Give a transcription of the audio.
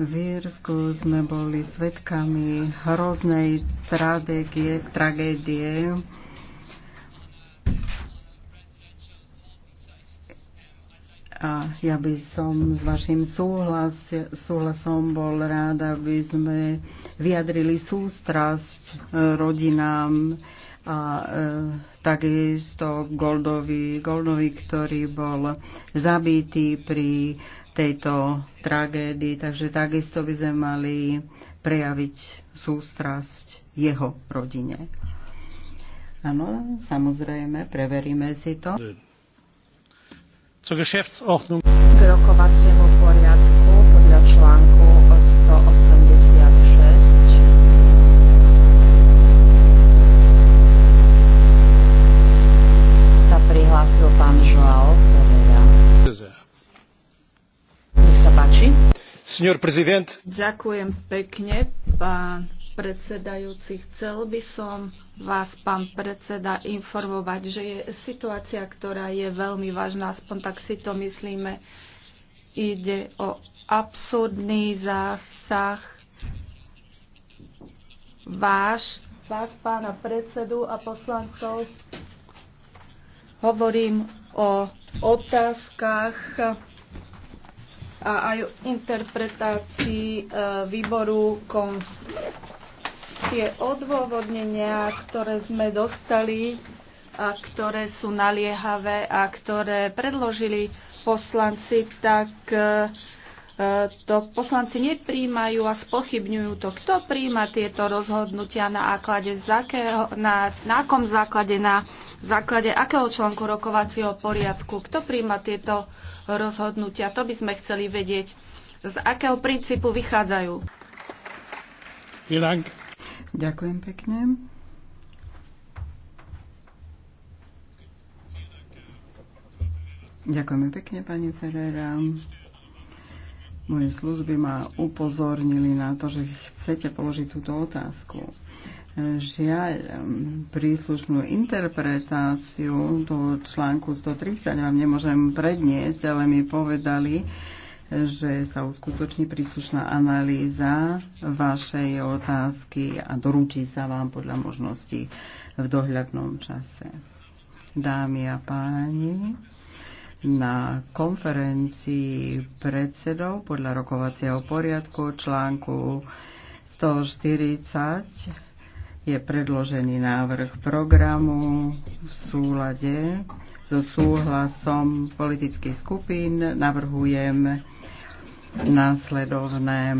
V Írsku sme boli svetkami hroznej tragédie, tragédie. A ja by som s vašim súhlas, súhlasom bol rád, aby sme vyjadrili sústrasť eh, rodinám a e, takisto Goldovi, Goldovi, ktorý bol zabitý pri tejto tragédii, takže takisto by sme mali prejaviť sústrasť jeho rodine. Áno, samozrejme, preveríme si to. K rokovaciemu poriadku Ďakujem pekne, pán predsedajúci. Chcel by som vás, pán predseda, informovať, že je situácia, ktorá je veľmi vážna, aspoň tak si to myslíme. Ide o absurdný zásah váš, vás, pána predsedu a poslancov. Hovorím o otázkach a aj o interpretácii e, výboru konst. Tie odôvodnenia, ktoré sme dostali a ktoré sú naliehavé a ktoré predložili poslanci, tak e, to poslanci nepríjmajú a spochybňujú to. Kto príjma tieto rozhodnutia na, áklade, z akého, na, na akom základe, na základe akého článku rokovacieho poriadku? Kto príjma tieto rozhodnutia? To by sme chceli vedieť. Z akého princípu vychádzajú? Ďakujem pekne. Ďakujeme pekne, pani Ferrera moje služby ma upozornili na to, že chcete položiť túto otázku. Žiaľ, príslušnú interpretáciu do článku 130 vám nemôžem predniesť, ale mi povedali, že sa uskutoční príslušná analýza vašej otázky a doručí sa vám podľa možností v dohľadnom čase. Dámy a páni, na konferencii predsedov podľa rokovacieho poriadku článku 140 je predložený návrh programu v súlade so súhlasom politických skupín. Navrhujem následovné